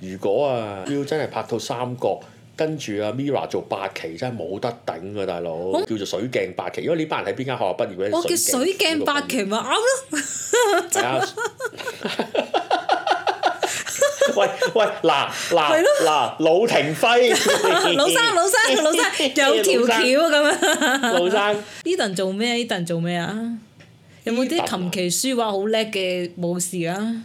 如果啊，要真係拍套《三國》，跟住阿 Mirror 做八奇，真係冇得頂啊，大佬！叫做水鏡八奇，因為呢班人喺邊間學校畢業嘅？我叫水鏡八奇咪啱咯。喂喂嗱嗱，係咯嗱，魯廷輝，老生老生老生有條橋咁樣。老生 Edan 做咩 Edan 做咩啊？有冇啲琴棋書畫好叻嘅武士啊？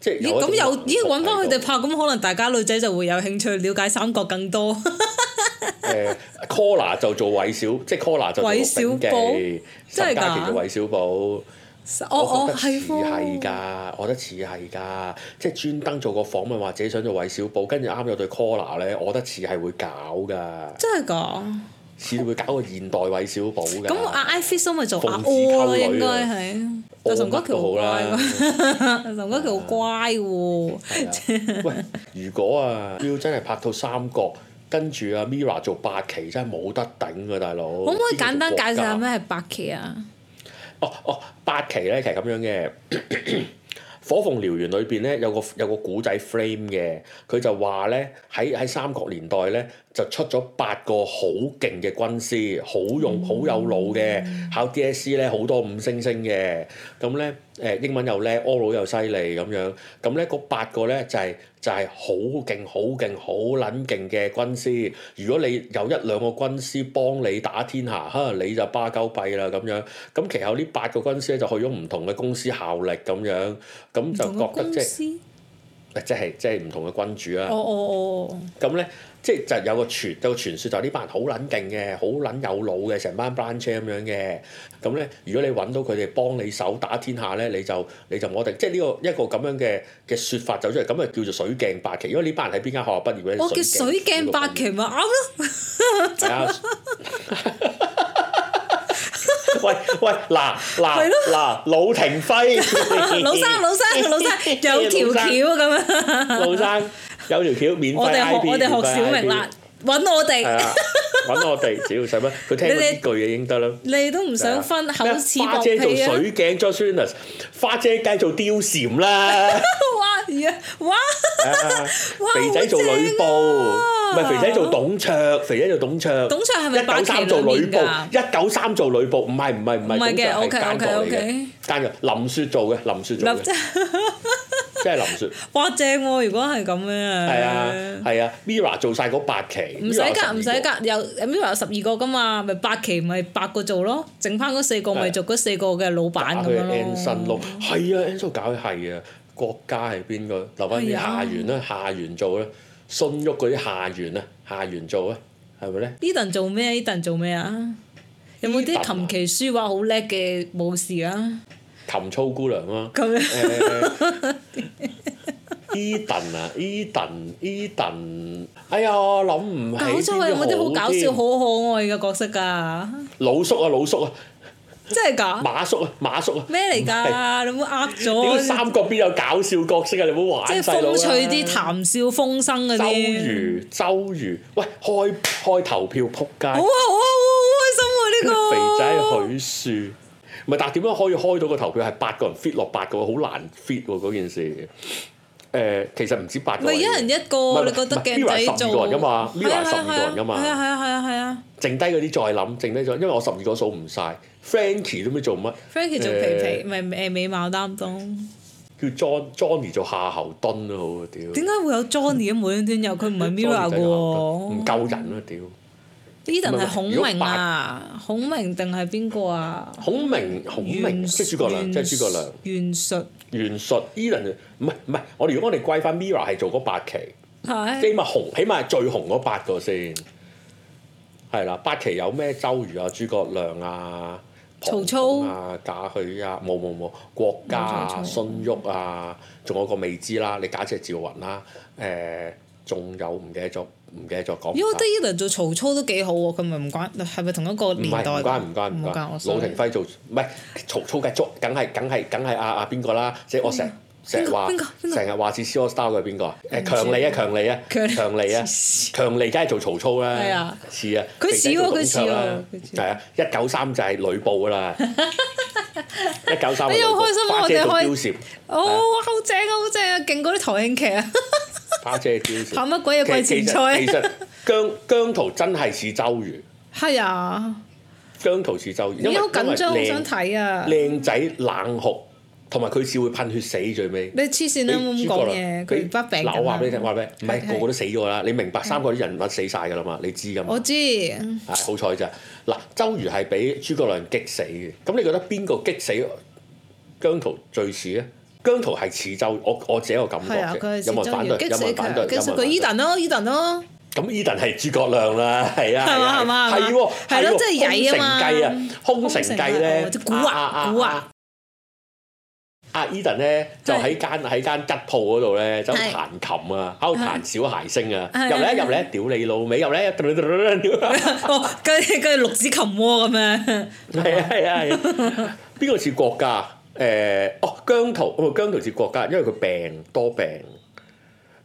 即有物物咦咁又咦揾翻佢哋拍，咁可能大家女仔就會有興趣了解《三國》更多、欸。誒，Kola、 er、就做韋小，即係 Kola、er、就做韋小寶，陳嘉奇做韋小寶。我我似係㗎，我覺得似係㗎，即係專登做個訪問或者想做韋小寶，跟住啱咗對 Kola 咧，我覺得似係會搞㗎。真係㗎。先會搞個現代韋小寶嘅。咁阿艾菲蘇咪做阿柯咯，應該係。就同嗰條好、啊、 乖，同嗰條好乖喎。喂，如果啊，要真係拍套《三國》，跟住阿、啊、Mirror 做八奇，真係冇得頂能能啊，大佬、哦。可唔可以簡單介紹下咩係八奇啊？哦哦，八奇咧，其實咁樣嘅。 《火鳳燎原裏邊咧有個有個古仔 frame 嘅，佢就話咧喺喺三國年代咧就出咗八個、嗯、好勁嘅軍師，好用好有腦嘅，考 DSE 咧好多五星星嘅，咁咧。誒英文又叻 oral 又犀利咁樣，咁咧嗰八個咧就係、是、就係好勁、好勁、好撚勁嘅軍師。如果你有一兩個軍師幫你打天下，嚇你就巴鳩閉啦咁樣。咁其後呢八個軍師咧就去咗唔同嘅公司效力咁樣，咁就覺得即係，即係即係唔同嘅君主啦、啊哦。哦哦哦，咁、哦、咧。即係就有個傳有個傳說就係呢班人好撚勁嘅，好撚有腦嘅，成班班車咁樣嘅。咁咧，如果你揾到佢哋幫你手打天下咧，你就你就我哋即係、這、呢個一個咁樣嘅嘅説法走出嚟，咁啊叫做水鏡八奇，如果呢班人喺邊間學校畢業嘅。我叫哇水，鏡水鏡八奇咪啱咯。喂喂嗱嗱嗱，魯廷輝，老生老生老生有條橋咁樣。老生。有條橋免費 IP，揾我哋，揾我哋。主要使乜？佢聽到呢句嘢應得啦。你都唔想分口齒花姐做水鏡 j o s h i n u 花姐梗係做貂蟬啦。哇！哇！肥仔做呂布，唔係肥仔做董卓，肥仔做董卓。董卓係咪一九三做呂布？一九三做呂布？唔係唔係唔係，係奸角嚟嘅。奸角，林雪做嘅，林雪做嘅。即係林雪哇正喎！如果係咁樣，係啊係啊，Mirror 做晒嗰八奇，唔使㗎唔使㗎，有 Mirror 十二個噶嘛，咪八奇咪八個做咯，剩翻嗰四個咪做嗰四個嘅老闆咁樣咯。佢 Angel 係啊，Angel 搞嘅係啊，國家係邊個？留翻啲下元啦，下元做啦，信旭嗰啲下元啊，下元做咧，係咪咧？Edan 做咩？Edan 做咩啊？有冇啲琴棋書畫好叻嘅武士啊？琴操姑娘啊，咁樣，Edan 啊，Edan，Edan，哎呀，我諗唔起。講出嚟有冇啲好搞笑、好可愛嘅角色㗎？老叔啊，老叔啊，真係㗎？馬叔啊，馬叔啊，咩嚟㗎？你唔好呃咗？點解三國邊有搞笑角色啊，你唔好玩？即係風趣啲、談笑風生啊，周瑜，周瑜，喂，開開投票，仆街！好啊，好啊，好開心啊！呢個肥仔許褚。唔係，但係點樣可以開到個投票係八個人 fit 落八個？好難 fit 喎、啊、嗰件事。誒、呃，其實唔止八。咪一人一個，是你覺得鏡仔做是？咪十二個人㗎嘛，Mirror 十二個人㗎嘛。係啊係啊係啊係啊！剩低嗰啲再諗，剩低咗，因為我十二個數唔晒 Frank Frankie 都未做乜，Frankie 做皮皮，唔係美貌擔當。叫 Johnny 做夏侯惇咯、啊，好屌。點解會有 Johnny 啊？無端端又佢唔係 Mirror 㗎喎，唔、嗯、夠人啊屌！Edan 係孔明啊？孔明定係邊個啊？孔明，孔明即係原諸葛亮，即係原諸葛亮。袁術。袁術，Edan 唔係唔係。我哋如果我哋歸翻 Mirror 係做嗰八奇，的起碼紅，起碼係最紅嗰八個先。係啦，八奇有咩周瑜啊、諸葛亮啊、曹操、曹操啊、賈詡啊？冇冇冇，郭嘉操啊、孫穀啊，仲有個未知啦。你假設係趙雲啦、啊，誒、欸。仲有唔記得咗？唔記得咗講。因為 Deleon 做曹操都幾好喎，佢咪唔關？係咪同一個年代？唔係唔關唔關唔關。羅庭輝做唔係曹操嘅捉，梗係梗係梗係阿阿邊個啦？即係我成日話成日話似少我 star 嘅邊個？誒強尼啊，強尼啊，強尼啊，強尼梗係做曹操啦。係啊，似啊。佢少啊，佢似啊。係啊，一九三就係呂布㗎啦。一九三，我好開心啊！我哋可以。哦，好正啊！好正啊！勁過啲台慶劇啊！跑乜鬼嘢季前賽？其實姜姜濤真係似周瑜。係啊，姜濤似周瑜。而家好緊張，好想睇啊！靚仔冷酷，同埋佢只會噴血死最尾。你黐線啦！咁冇講嘢。佢唔發餅嘅。我話俾你聽，話俾你聽？唔係個個都死咗啦。你明白三個啲人物死晒噶啦嘛？你知噶嘛？我知。啊，好彩咋嗱？周瑜係俾諸葛亮激死嘅。咁你覺得邊個激死姜濤最似咧？姜濤係刺州，我我自己個感覺嘅。有冇反對？有冇反對？擊死佢！Edan 咯，Edan 咯。咁 Edan 係諸葛亮啦，係啊。係啊，係嘛係？係咯，即係曳啊嘛。空城計啊，空城計咧，古啊古啊。阿 Edan 咧就喺間喺間吉鋪嗰度咧，就彈琴啊，喺度彈小孩聲啊。入嚟入嚟屌你老味，入嚟一屌屌屌屌屌屌屌屌屌屌屌屌屌屌屌屌屌屌誒哦，姜濤，疆濤似郭嘉，因為佢病多病。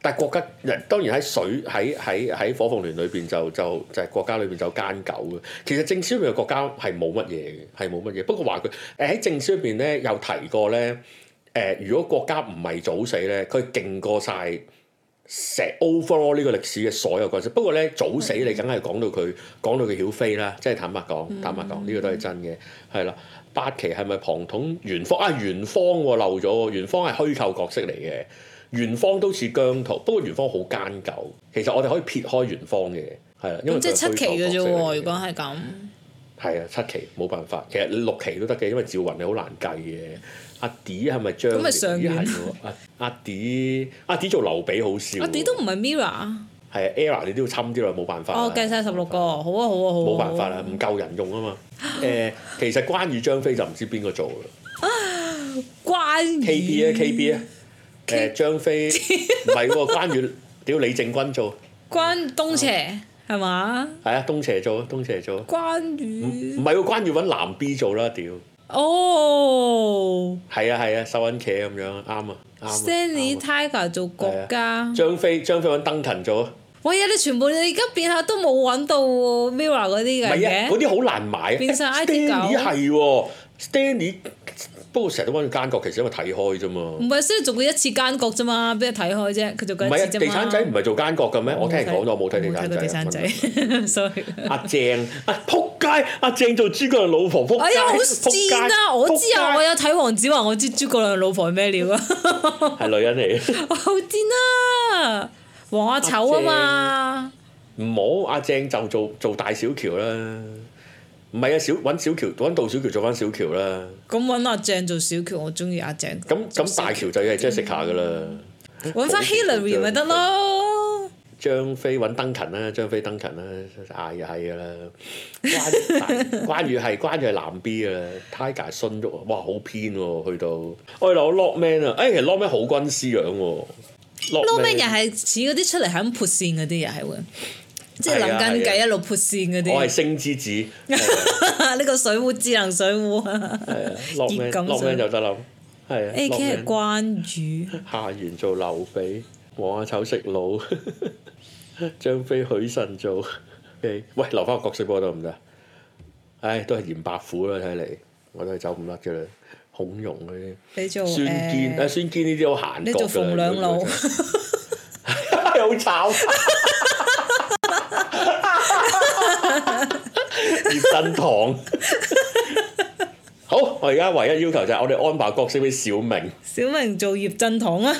但郭嘉人當然喺水喺喺喺火鳳麟裏邊就就就係、是、郭嘉裏邊就奸狗嘅。其實正史入邊郭嘉係冇乜嘢嘅，係冇乜嘢。不過話佢誒喺正史入邊咧有提過咧誒，如果郭嘉唔係早死咧，佢勁過曬 overall 呢個歷史嘅所有角色。不過咧早死你梗係講到佢講到佢曉飛啦，即係坦白講，坦白講呢、mm hmm. 這個都係真嘅，係啦。八奇係咪龐統元芳？啊，元芳漏咗，元芳係虛構角色嚟嘅，元芳都似姜濤，不過元芳好奸狗。其實我哋可以撇開元芳嘅，係啦，即係七奇嘅啫喎。如果係咁，係啊，七奇冇辦法。其實六奇都得嘅，因為趙雲你好難計嘅。阿迪係咪張？咁咪上邊？阿阿迪，阿、啊、迪、啊、做劉備好笑。阿迪都唔係 Mirror。係啊，Error 你都要侵啲咯，冇辦法。哦，計晒十六個，好啊，好啊，好啊。冇、啊啊啊啊啊、辦法啦，唔夠人用啊嘛。誒、呃，其實關羽張飛就唔知邊個做啦 羽、呃。關 K B 啊，K B 啊。誒，張飛唔係喎，關羽屌李正軍做。關東邪係嘛？係啊，東邪做，東邪做。關羽唔係喎，關羽揾南 B 做啦，屌。哦，係啊，係啊，手揾茄咁樣，啱啊，啱啊。Sunny Tiger 做國家。張飛張飛揾登騰做啊。喂你全部你而家變下都冇揾到 Mirror 嗰啲嘅，嗰啲好難買。變曬 IT 狗。Stanley 係喎，Stanley 不過成日都揾住奸角，其實因為睇開啫嘛。唔係，先做過一次奸角啫嘛，畀人睇開啫？佢做過一次啫。唔係，地產仔唔係做奸角嘅咩？我聽人講咗，我冇睇地產仔。地產仔，sorry。阿鄭啊，撲街！阿鄭做諸葛亮老婆，撲街！哎呀，好賤啊！我知啊，我有睇黃子華，我知諸葛亮老婆係咩料啊。係女人嚟。我好賤啊！王阿丑阿正啊嘛，唔好阿鄭就做做大小喬啦，唔係啊，小揾小喬揾杜小喬做翻小喬啦。咁揾阿鄭做小喬，我中意阿鄭。咁咁大喬就係 Jessica 噶啦，揾翻 Hillary 咪得咯。像張飛揾登勤啦，can, 張飛登勤啦，係又係噶啦。關關羽係關羽係藍 B 啊 Tiger 孫叔哇好偏去到。哎、我哋攞 Lockman 啊，哎其實 Lockman 好軍師樣。羅命又係似嗰啲出嚟喺度潑線嗰啲又係會，就是、 即係諗緊計一路潑線嗰啲。 我係星之子，呢、哎、 個水壺智能水壺。係啊 美，羅命羅命就得啦，係啊。AK 係關羽，夏元 做劉備，王阿丑食腦，張 飛許慎做。 喂，留翻個角色波得唔得？唉，都係嚴白虎啦，睇嚟我都係走唔甩嘅。孔融嗰啲，你做孫堅啊，孫堅呢啲好閒，你做馮兩老，你好慘 醜。 葉振棠，好，我而家唯一要求就係我哋安排角色俾小明，小明做葉振棠啊，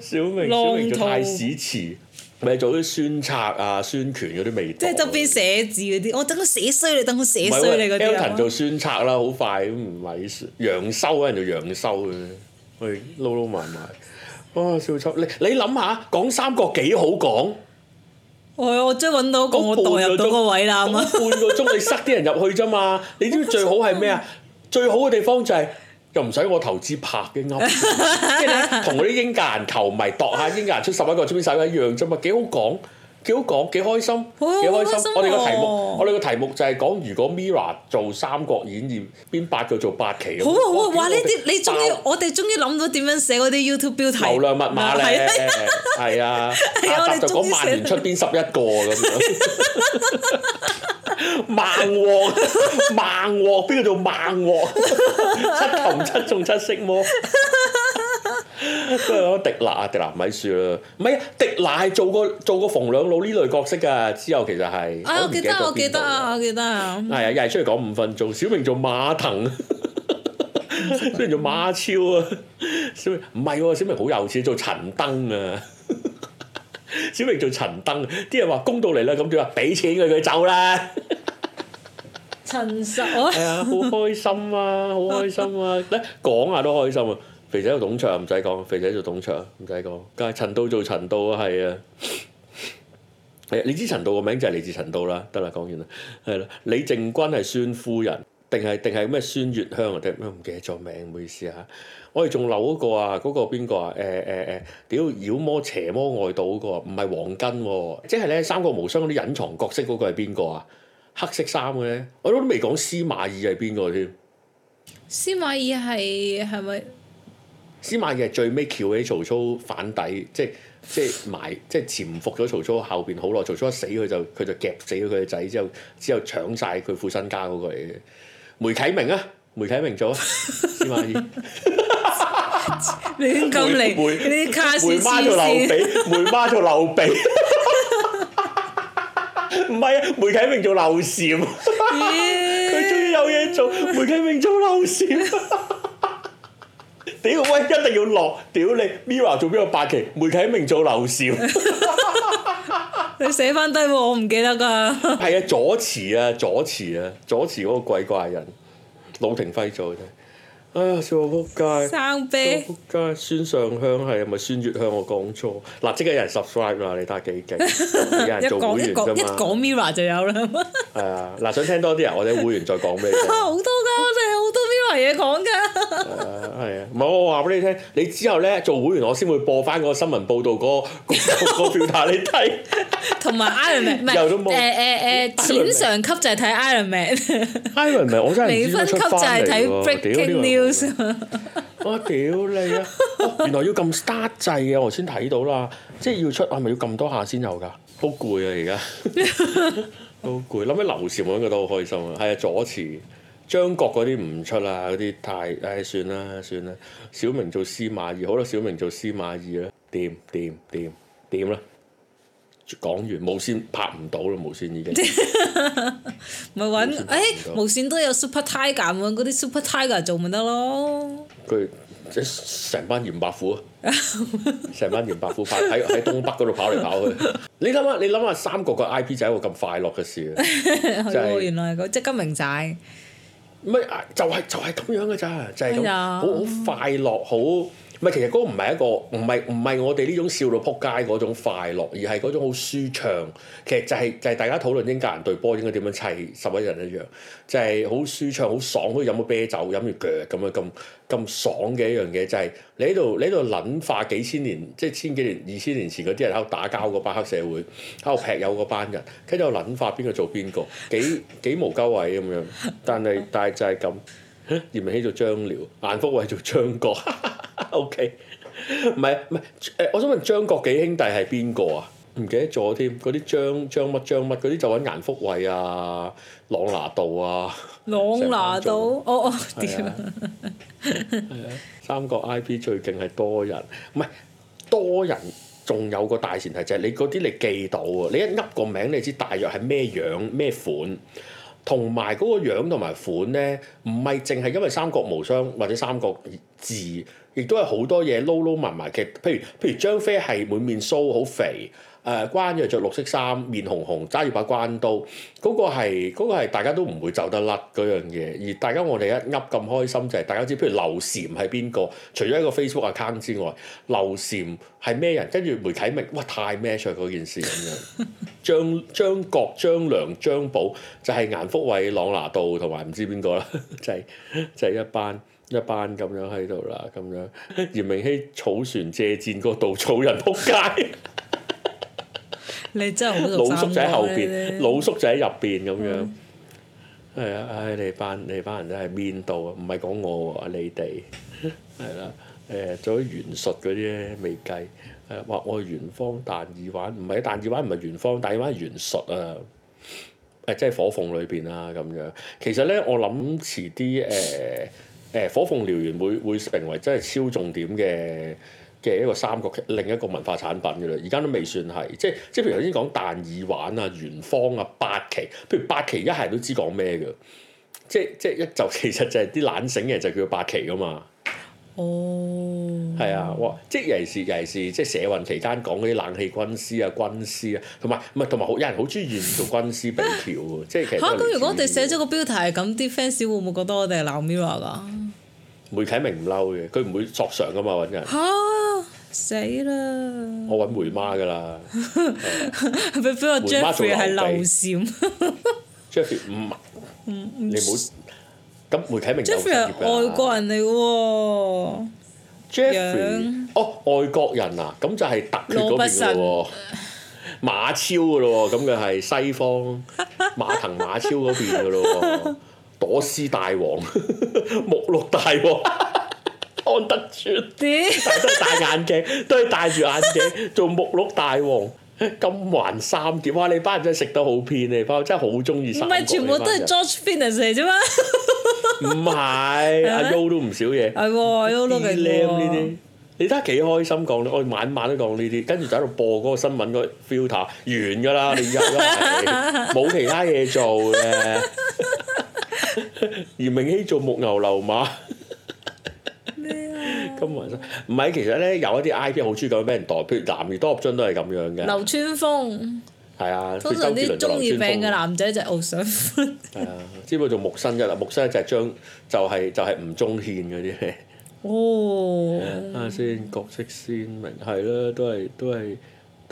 小明童小明做太史慈。咪做啲孫策啊、孫權嗰啲味道，即係側邊寫字嗰啲。我等佢寫衰你，等佢寫衰你嗰啲。Alton 做孫策啦，好 快唔係楊修，就修、哎、拌拌啊，人做楊修嘅，喂，撈撈埋埋。哇，笑插你，你諗下講《三國》幾好講？哎、我我即係揾到個我代入到個位啦半個鐘 你塞啲人入去啫嘛，你知唔知最好係咩啊？ 最好嘅地方就係、是。又唔使我投資拍嘅啱，即係同嗰啲英格蘭球迷度下，英格蘭出十一個出邊十一樣啫嘛，幾好講，幾好講，幾開心，幾開心。我哋個題目，uh, 我哋個題目就係、是、講如果 Mira 做《三國演義》，邊八個做八奇？好啊好啊，哇！呢啲你 Being 終於，我哋終於諗到點樣寫嗰啲 YouTube 標題流量密碼咧？係、ну. 啊，下集就講曼聯出邊十一個咁。孟獲，孟獲邊個做孟獲？七擒七縱七色魔，係 咯？狄娜啊，狄娜咪算啦，唔係啊，狄娜係做過做過逢兩老呢類角色噶。之後其實係，我記得，我記得啊，我記得啊，係啊，又係出去講五分鐘。小明做馬騰，雖然做馬超啊，小明唔係，小明好有錢，做陳登啊，小明做陳登，啲人話公道嚟啦，咁佢話俾錢佢，佢走啦。陳叔，係 啊、哎，好開心啊，好開心啊！咧講下都開心啊，肥仔做董卓唔使講，肥仔做董卓唔使講，梗係陳到做陳到啊。係、哎、啊，係你知道陳到個名就係嚟自陳到啦，得啦，講完啦，係啦、啊，李靖君係孫夫人定係定係咩孫月香啊？定咩唔記得咗名，唔好意思啊！我哋仲漏嗰個啊，嗰、那個邊個啊？誒誒誒，屌、呃、妖魔邪魔外道嗰、那個唔係黃巾、啊，即係咧《三國無雙》嗰啲隱藏角色嗰個係邊個啊？黑色衫嘅咧，我都未講司馬懿係邊個添。司馬懿係係咪？是是司馬懿係最尾撬起曹操反底，即係即係埋，即係潛伏咗曹操後邊好耐。曹操一死，佢就佢就夾死咗佢嘅仔之後，之後搶晒佢父身家嗰個嚟嘅。梅啟明啊，梅啟明做啊， 司馬懿。你咁嚟？梅，梅媽做劉備，梅媽做劉備。 唔係啊，梅啟明做劉禪，佢 Yeah? 終於有嘢做。梅啟明做劉禪，屌喂，一定要落屌你，Mirror 做邊個八奇？梅啟明做劉禪，你寫翻低喎，我唔記得㗎。 係啊，左慈啊，左慈啊，左慈嗰個鬼怪人，魯庭輝做啫。哎呀！笑到仆街，生啤，仆街。孫尚香係咪孫月香？我講錯，嗱，即刻有人 subscribe 啦，你睇下幾勁？有人做會員啫，一講一講，一講 Mirror 就有啦。係 啊，嗱，想聽多啲啊，我哋會員再講咩？ 好多㗎，我哋好多 Mirror 嘢講㗎。係啊，唔係我我話俾你聽，你之後咧做會員，我先會播翻個新聞報道個個表達你睇，同埋 Ironman，有咗摸，誒誒誒淺上級就係睇 Ironman，Ironman 我真係唔知，分級就係睇 Breaking News，我屌你啊，原來要撳 start 掣嘅，我先睇到啦，即係要出係咪要撳多下先有噶？好攰啊，而家好攰，諗起劉禪，我覺都覺得好開心啊，係啊，左慈。張國嗰啲唔出啊，嗰啲太，唉算啦算啦，小明做司馬懿，好啦小明做司馬懿啦，掂掂掂掂啦。講完無線拍唔到啦，無線已經咪揾誒無線都有 Super Tiger 揾嗰啲 Super Tiger 做咪得咯。佢即係成班嚴白虎，成 班嚴白虎喺喺東北嗰度跑嚟跑去。 你諗下你諗下三國個 IP 仔係一個咁快樂嘅事啊！就是、 原來係即金明仔。唔係就係就係咁樣嘅咋，就係咁樣，好好快樂好。唔其實嗰個唔係一個，唔係唔係我哋呢種笑到撲街嗰種快樂，而係嗰種好舒暢。其實就係就係大家討論英格蘭隊波應該點樣砌十一人一樣，就係好舒暢、好爽，可以飲個啤酒、飲住腳咁樣咁咁爽嘅一樣嘢。就係你喺度你喺度諗吓幾千年，即係千幾年、二千年前嗰啲人喺度打交巴黑社會，喺度劈友個班人，跟住又諗吓邊個做邊個，幾幾無救鬼咁樣。但係但係就係咁，炎明熹做張遼，顏福偉做張角。 O K，唔係唔係，誒、okay。欸，我想問張國紀兄弟係邊個啊？唔記得咗添，嗰啲張張乜張乜嗰啲就喺顏福慧啊、朗拿度啊、朗拿度、哦，哦哦，點啊？係 啊，啊 三國 I P 最勁係多人，唔係多人，仲有個大前提就係、是、你嗰啲你記到啊，你一噏個名你知大約係咩樣咩款，同埋嗰個樣同埋款咧，唔係淨係因為三國無雙或者三國志。亦都係好多嘢撈撈埋埋嘅，譬如譬如張飛係滿面鬚好肥，誒，關羽着綠色衫，面紅紅，揸住把關刀，嗰個係嗰個係大家都唔會走得甩嗰樣嘢，而大家我哋一噏咁開心就係大家知，譬如劉禪係邊個？除咗一個 Facebook account 之外，劉禪係咩人？跟住媒體咪哇太咩 a 嗰件事咁樣， 張張國張良張寶就係顏福偉、朗拿度同埋唔知邊個啦，就係就係一班。一班咁樣喺度啦，咁樣嚴明希草船借箭個稻草人仆街，你真係好老叔仔後邊，老叔仔喺入邊咁樣，係啊，唉，你班你班人都係面度啊，唔係講我喎，你哋係啦，誒，做啲袁術嗰啲咧未計，話我係元芳」，但耳環，唔係啊，但二環唔係元芳，但二環係袁術啊，誒，即係火鳳裏邊啊咁樣。其實咧，我諗遲啲誒。呃呃誒火鳳燎原會會成為真係超重點嘅嘅一個三國，另一個文化產品嘅嘞。而家都未算係，即即譬如頭先講彈耳環啊、袁方啊、八奇，譬如八奇，一係都知講咩嘅，即即一就其實就係、是、啲懶醒嘅就叫八奇噶嘛。哦，係啊，哇！即尤其是尤其是，尤其是即社運期間講嗰啲冷氣軍師啊、軍師啊，同埋唔係同埋好有人好中意用軍師比橋嘅， 即其實咁、啊。如果我哋寫咗個標題係咁，啲 fans 會唔會覺得我哋係鬧 Mirror 啊？梅啟明唔嬲嘅，佢唔會作償噶嘛，揾人嚇死啦！啊、我揾梅媽噶啦，不 被我 梅媽 Jeffrey 係劉禪，Jeffrey 唔，你好。咁梅啟明就唔係外國人嚟喎，Jeffrey 哦外國人啊，咁就係突厥嗰邊噶喎， 馬超噶咯喎，咁就係西方馬騰馬超嗰邊噶咯喎。 陀斯大王、木碌大王、安德尊啲，戴得戴眼鏡都係戴住眼鏡做木碌大王，金環三傑。哇！你班人食得好偏啊，不過真係好中意。唔係全部都係 George Finnis 嚟啫嘛？唔係，阿 U 都唔少嘢。係，阿 U 都幾靚。Eam 呢啲，你睇幾開心講咧？我晚晚都講呢啲，跟住就喺度播嗰個新聞嗰個 filter 完㗎啦。你休啦，冇其他嘢做嘅。而明熙做木牛流馬咩啊？金雲山唔係，其實咧有一啲 I P 好中意俾人代，譬如男兒當入樽都係咁樣嘅。流川楓係啊，通常啲中意靚嘅男仔就係敖上歡。係啊，只不過做木生一啦，木生一隻張就係就係吳宗憲嗰啲。哦，睇下先角色鮮明係啦，都係都係。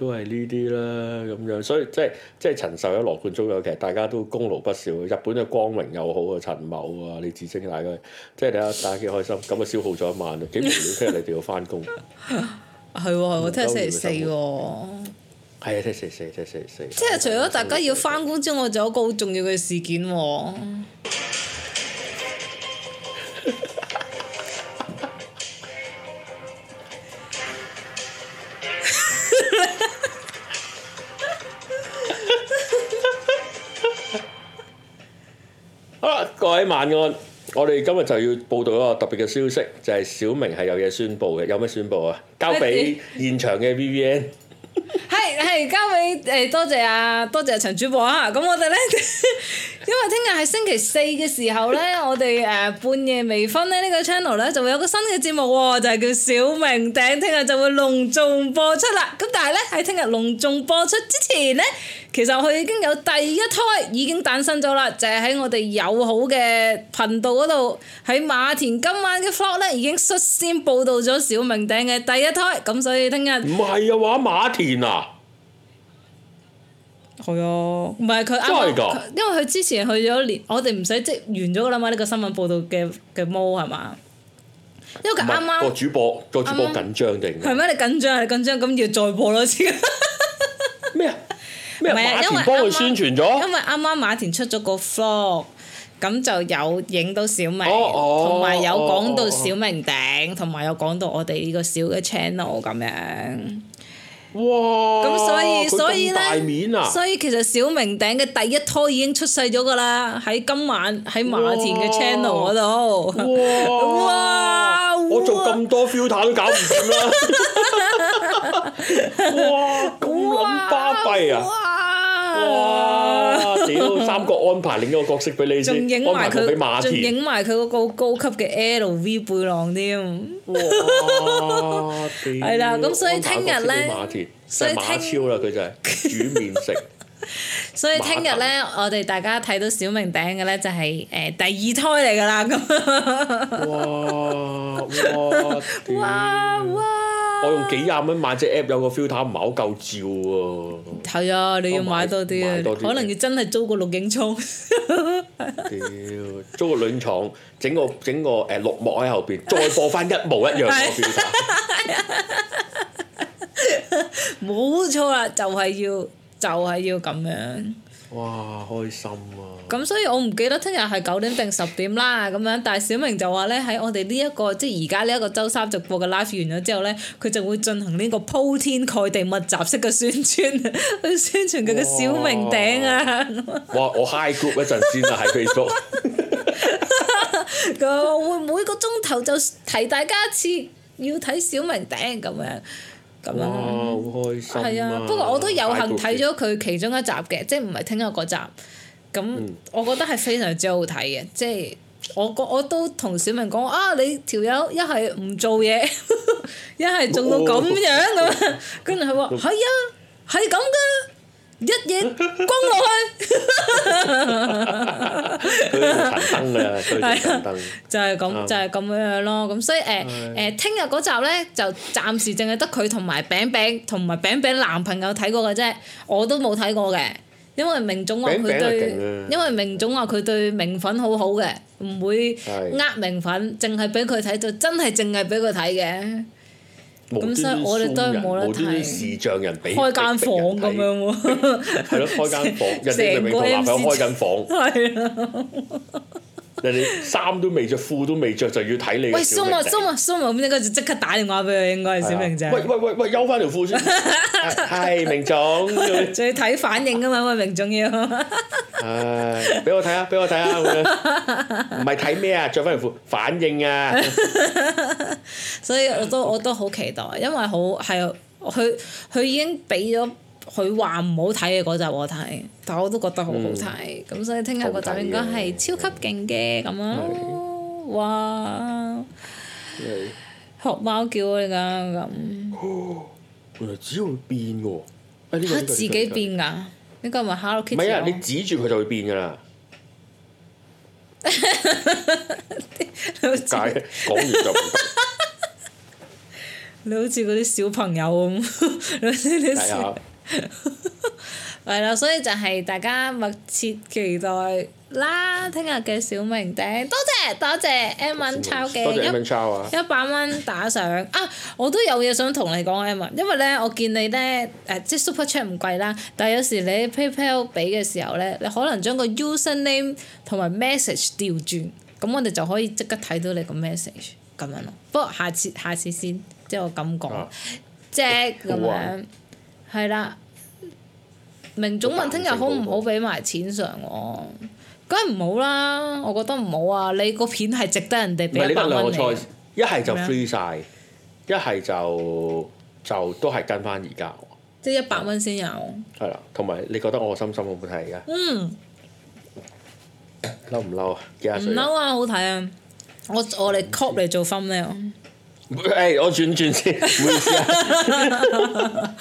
都係呢啲啦，咁樣，所以即係即係陳壽又、羅貫中有其實大家都功勞不少。日本嘅光榮又好啊，陳某啊，李志清，大家即係睇下大家幾開心。咁啊消耗咗一晚四四啊，幾無聊。聽日你哋要翻工，係喎，我聽日星期四喎。係啊，聽日星期四，聽日星期四。即係除咗大家要翻工之外，仲有一個好重要嘅事件喎。晚安，我哋今日就要報道一個特別嘅消息，就係、是、小明係有嘢宣布嘅，有咩宣布啊？交俾現場嘅 VBN。交俾誒，多謝阿、啊、多謝、啊、陳主播啊！咁我哋咧，因為聽日係星期四嘅時候咧， 我哋誒半夜微醺呢，呢個 channel 咧就會有個新嘅節目喎，就係叫小明頂，聽日就會隆重播出啦。咁但係咧，喺聽日隆重播出之前咧，其實佢已經有第一胎已經誕生咗啦，就係、是、喺我哋友好嘅頻道嗰度，喺馬田今晚嘅 vlog 咧已經率先報道咗小明頂嘅第一胎。咁所以聽日唔係啊話馬田啊？係啊，唔係佢啱，因為佢之前去咗年，我哋唔使即完咗啦嘛？呢、呢個新聞報道嘅嘅毛係嘛？Mode, 因為佢啱啱做主播，做主播緊張定係咩？你緊張啊？你緊張咁要再播多次咩啊？唔係幫佢宣傳咗？因為啱啱馬田出咗個 vlog 咁就有影到小明，同埋、oh, oh, 有，有講到小明頂，同埋、oh, oh. 有，有講到我哋呢個小嘅 channel 咁樣。哇！咁所以所以咧，大面啊、所以其實小明頂嘅第一胎已經出世咗㗎喇，喺今晚喺馬田嘅 channel 嗰度。哇！我做咁多 filter 都搞唔掂啦。哇！咁巴閉啊！哇！屌，三角安排另一個角色俾你先，仲影埋佢，仲影埋佢個高級嘅 LV 背囊添。哇！屌，係啦，咁所以聽日咧，所以馬超啦，佢就係煮麵食。所以聽日咧，我哋大家睇到小明頂嘅咧，就係誒第二胎嚟噶啦。咁哇哇哇！哇哇我用幾廿蚊買隻 app 有個 filter 唔係好夠照喎、啊。係啊，你要買多啲，啊。可能要真係租個錄影廠。屌， 租個錄影廠，整個整個誒綠幕喺後邊，再播翻一模一樣嘅 filter。冇錯啦，就係要，就係要咁樣。哇，開心啊！咁所以我唔記得聽日係九點定十點啦，咁樣。但係小明就話咧、這個，喺我哋呢一個即係而家呢一個周三直播嘅 Live 完咗之後咧，佢就會進行呢個鋪天蓋地密集式嘅宣傳，去宣傳佢嘅小明頂啊！哇！我 high group 一陣先啊，喺 Facebook。我 會 每個鐘頭就提大家一次，要睇小明頂咁樣。咁啊！好開心啊！啊不過我都有幸睇咗佢其中一集嘅，即係唔係聽嗰集。咁我覺得係非常之好睇嘅，即係、嗯、我我我都同小明講啊，你條友一係唔做嘢，一 係做到咁樣咁，跟住佢話係啊，係咁噶。哦 一嘢轟落去，就係咁就係咁樣樣咯。咁所以誒誒，聽日嗰集咧就暫時淨係得佢同埋餅餅同埋餅餅男朋友睇過嘅啫，我都冇睇過嘅，因為明總話佢對，餅餅因為明總話佢對明粉好好嘅，唔會呃明粉，淨係俾佢睇就真係淨係俾佢睇嘅。咁所以我哋都係像人睇，開間房咁樣喎。係咯，開間房，人哋未同男友開緊房。係啊，人哋衫都未着，褲都未着，就要睇你。喂，蘇莫，蘇莫，蘇莫，應該就即刻打電話俾佢應該係小明姐。喂喂喂喂，休翻條褲先。係明總，要睇反應㗎嘛，喂，明總要。唉，俾我睇下，俾我睇下，唔係睇咩啊？着翻條褲反應啊！所以我都我都好期待，因為好係佢佢已經俾咗佢話唔好睇嘅嗰集我睇，但我都覺得好好睇，咁、嗯、所以聽日嗰集應該係超級勁嘅咁樣，哇！的學貓叫嚟㗎咁。原來只會變㗎，佢自己變㗎？呢、啊呢個唔係 Hello Kitty。唔係啊！你指住佢就會變㗎啦。解講完就唔得。你好似嗰啲小朋友咁 油，係啦， 所以就係大家密切期待啦！聽日嘅小明頂，多謝多謝，Emma 抄記一百蚊打賞啊！我都有嘢想同你講，Emma，因為咧我見你咧誒，即係 super chat 唔貴啦，但係有時你 PayPal 俾嘅時候咧，你可能將個 user name 同埋 message 調轉，咁我哋就可以即刻睇到你個 message 咁樣咯。不過下次下次，下次先。即我咁講，即咁樣，係啦、啊了。明總問聽日好唔好俾埋錢上喎？梗係唔好啦，我覺得唔好啊！你個片係值得人哋俾百蚊，一係就 free 晒嗎，一係就就都係跟翻而家。即一百蚊先有。係啦，同埋你覺得我心心好唔好睇而家？嗯。嬲唔嬲啊？幾啊歲？唔嬲啊！好睇啊！我我哋 cop 嚟做 funnel。誒，我轉轉先，唔好意思啊，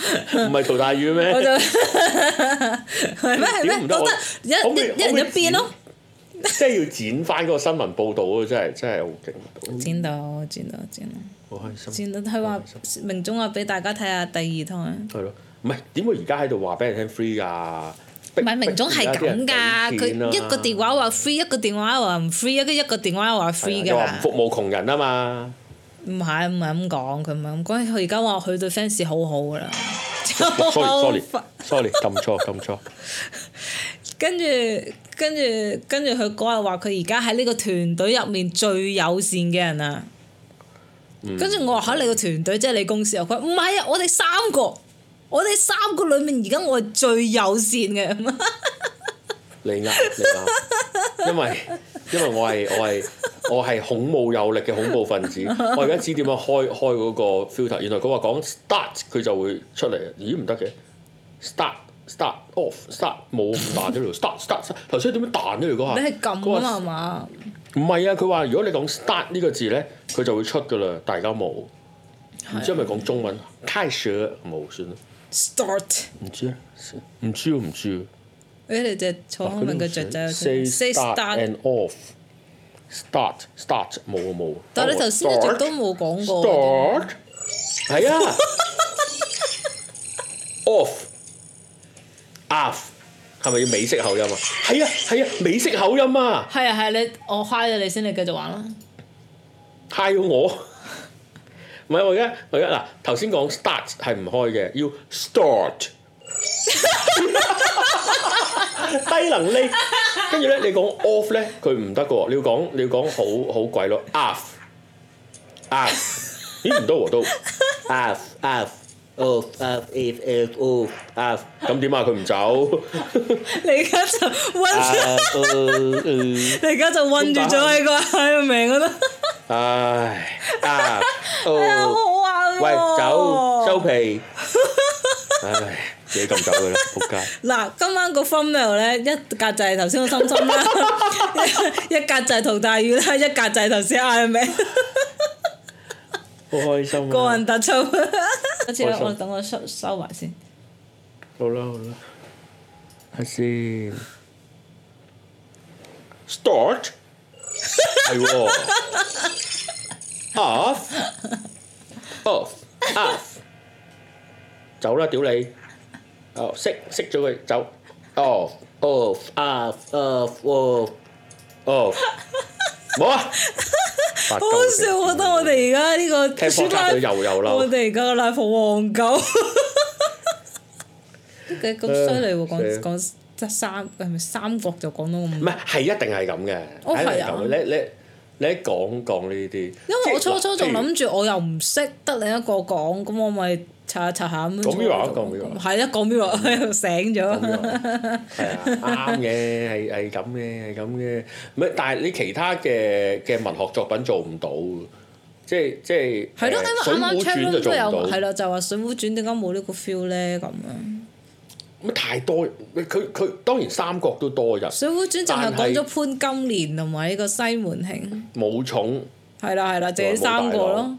唔係陶大宇咩？點唔得？我一一人一邊咯，即係要剪翻嗰個新聞報導咯，真係真係好勁。剪到剪到剪，好開心。剪到佢話明總啊，俾大家睇下第二台。係咯，唔係點會而家喺度話俾人聽 free 㗎？唔係明總係咁㗎，佢一個電話話 free，一個電話話唔 free，一個一個電話話 free 㗎。服務窮人啊嘛～唔係唔係咁講，佢唔係咁講。佢而家話佢對 fans 好好噶啦，sorry sorry sorry，撳錯撳錯。跟住跟住跟住，佢嗰日話佢而家喺呢個團隊入面最友善嘅人啊。嗯、跟住我話喺 你個團隊，即係你公司入邊。唔係啊，我哋三個，我哋三個裡面，而家我係最友善嘅。你 啱，你啱。因為。因為我係我係我係恐怖有力嘅恐怖分子，我而家知點樣開開嗰個 filter？原來佢話講 start 佢就會出嚟，咦唔得嘅，start start off start 冇彈咗條 ，start start 頭先點樣彈咗條嗰下？你係撳啊嘛？唔係啊，佢話如果你講 start 呢個字咧，佢就會出㗎啦，但而家冇，唔的知係咪講中文？太 s 冇算啦，start 唔知唔知唔知。誒、哎，你隻彩虹文嘅雀仔，say start, start and off，start start 冇啊冇，但係你頭先一直都冇講過，係啊，off off 係咪要美式口音啊？係啊係啊，美式口音啊！係啊係你、啊，我嗨咗你先，你繼續玩啦。嗨我？唔 係我而家我而家嗱，頭先講 start 係唔開嘅，要 start。低能力，跟住咧你講 off 咧，佢唔得噶，你要講你要講好好鬼咯，off off 咦唔多喎都，off off off off off off 咁點啊？佢唔走，你而家就暈，你而家就暈住咗喺個喺個名嗰度，唉，off，哎呀好難喎，喂，走收皮，唉。自己撳走佢啦，仆街。嗱，今晚個 formula 咧，一格就係頭先個深春啦，一格就係陶大宇啦，一格就係頭先阿明。好開心啊！個人特操。一陣我等我收收埋先。好啦好啦，開始，start，係喎，off，off，off，走啦屌你！哦，識識咗佢走。哦，哦啊，誒，哦，哦，冇啊。好笑，我覺得我哋而家呢個，我哋而家嘅拉夫旺狗，咁犀利喎！講講即三係咪三國就講到咁？唔係，係一定係咁嘅。我係啊！你你你一講講呢啲，因為我初初仲諗住我又唔識，得另一個講，咁我咪。查下查下咁，係啦，講咩話喺度醒咗？係啊，啱嘅，係係咁嘅，係咁嘅。唔係，但係你其他嘅嘅文學作品做唔到，即係即係。係咯，因為啱啱 check 有，係啦，就話《水滸傳》點解冇呢個 feel 咧？咁樣？咩太多？佢佢當然《三國》都多人，《水滸傳》就係講咗潘金蓮同埋呢個西門慶。冇重。係啦係啦，就係三個咯。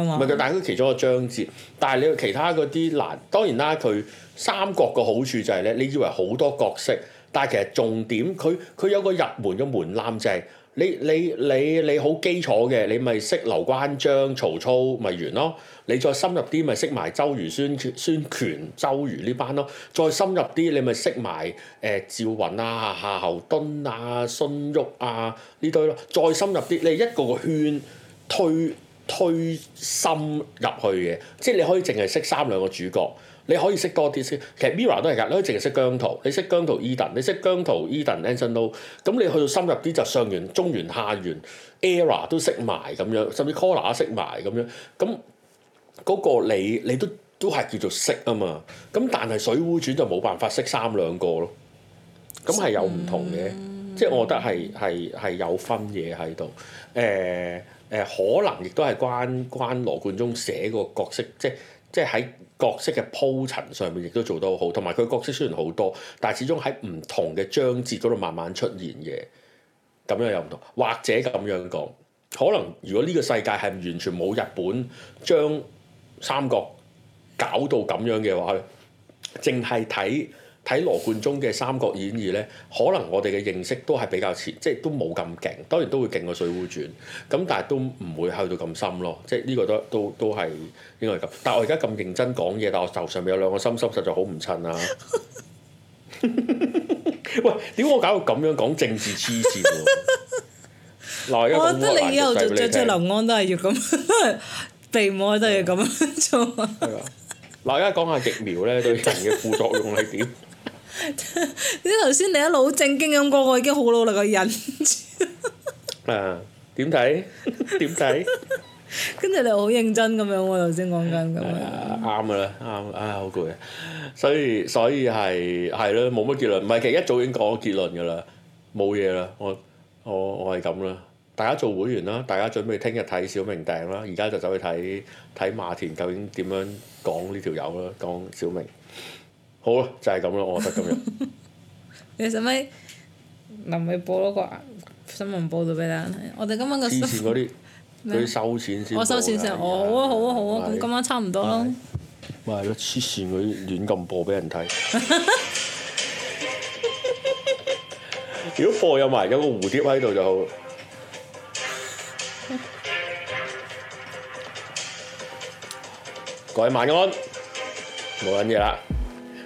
唔係佢，但係其中一個章節。但係你其他嗰啲難，當然啦。佢《三國》嘅好處就係、是、咧，你以為好多角色，但係其實重點，佢佢有個入門嘅門檻，就係、是、你你你你好基礎嘅，你咪識劉關張、曹操咪完咯。你再深入啲，咪識埋周瑜、孫孫權、周瑜呢班咯。再深入啲，你咪識埋誒、呃、趙雲啊、夏侯惇啊、荀彧啊呢堆咯。再深入啲，你一個個圈推。推深入去嘅，即係你可以淨係識三兩個主角，你可以識多啲先。其實 Mirror 都係㗎，你可以淨係識姜濤，你識姜濤 Eden，你識姜濤 Eden Anson 咁你去到深入啲就上元、中元、下元 Era 都識埋咁樣，甚至 Collar 都識埋咁樣。咁嗰個你你都都係叫做識啊嘛。咁但係水滸傳就冇辦法識三兩個咯。咁係有唔同嘅，嗯、即係我覺得係係係有分嘢喺度。誒、欸。誒、呃、可能亦都係關關羅貫中寫個角色，即即喺角色嘅鋪陳上面，亦都做得好好。同埋佢角色雖然好多，但係始終喺唔同嘅章節嗰度慢慢出現嘅。咁樣又唔同，或者咁樣講，可能如果呢個世界係完全冇日本將三國搞到咁樣嘅話，淨係睇睇羅貫中嘅《三國演義》咧，可能我哋嘅認識都係比較淺，即係都冇咁勁。當然都會勁過《水滸傳》，咁但係都唔會去到咁深咯。即係呢個都都都係應該係咁。但係我而家咁認真講嘢，但我頭上面有兩個心心，實在好唔襯啊！ 喂，點解我搞到咁樣講政治黐線㗎？嗱、 哦，我覺得你以後你著著劉安都係要咁，鼻模都係要咁樣，樣做。嗱、嗯，而家講下疫苗咧對人嘅副作用係點？ 點解頭先你一路好正經咁講，我已經好努力去忍住。 啊，點睇？點睇？跟住你好認真咁樣喎，頭先講緊咁啊。啱嘅啦，啱啊，好攰啊。所以所以係係咯，冇乜結論。唔係，其實一早已經講咗結論嘅啦，冇嘢啦。我我我係咁啦。大家做會員啦，大家準備聽日睇小明訂啦。而家就走去睇睇馬田究竟點樣講呢條友啦，講小明。好啦，就係咁啦，我覺得今日。 你使咪臨尾播嗰個新聞報道俾大家睇？我哋今晚個線嗰啲，嗰啲麼收錢先。我收錢先、哎呀啊，好啊好啊好啊，咁是今晚差唔多啦。咪係咯，黐線佢啲亂咁播俾人睇。 如果貨有埋咗個蝴蝶喺度就好。 各位晚安，冇緊嘢啦。